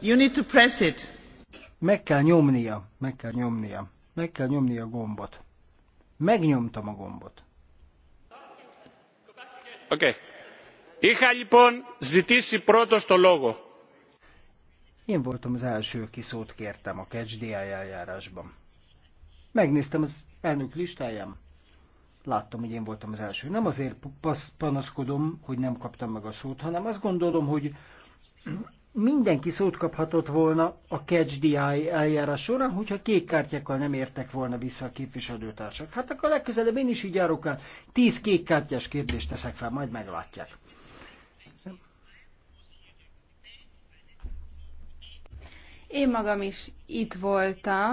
You need to press it. Meg kell nyomnia, meg kell nyomnia, meg kell nyomnia a gombot. Megnyomtam a gombot. Oké. Είχα λοιπόν ζητήσει πρώτος το λόγο. Én voltam az első, aki szót kértem a KCDI eljárásban. Megnéztem az elnök listáján. Láttam, hogy én voltam az első. Nem azért panaszkodom, hogy nem kaptam meg a szót, hanem azt gondolom, hogy mindenki szót kaphatott volna a catch the eye eljárás során, hogyha kék kártyákkal nem értek volna vissza a képviselőtársak. Hát akkor legközelebb én is így járok el. Tíz kék kártyás kérdést teszek fel, majd meglátják. Én magam is itt voltam.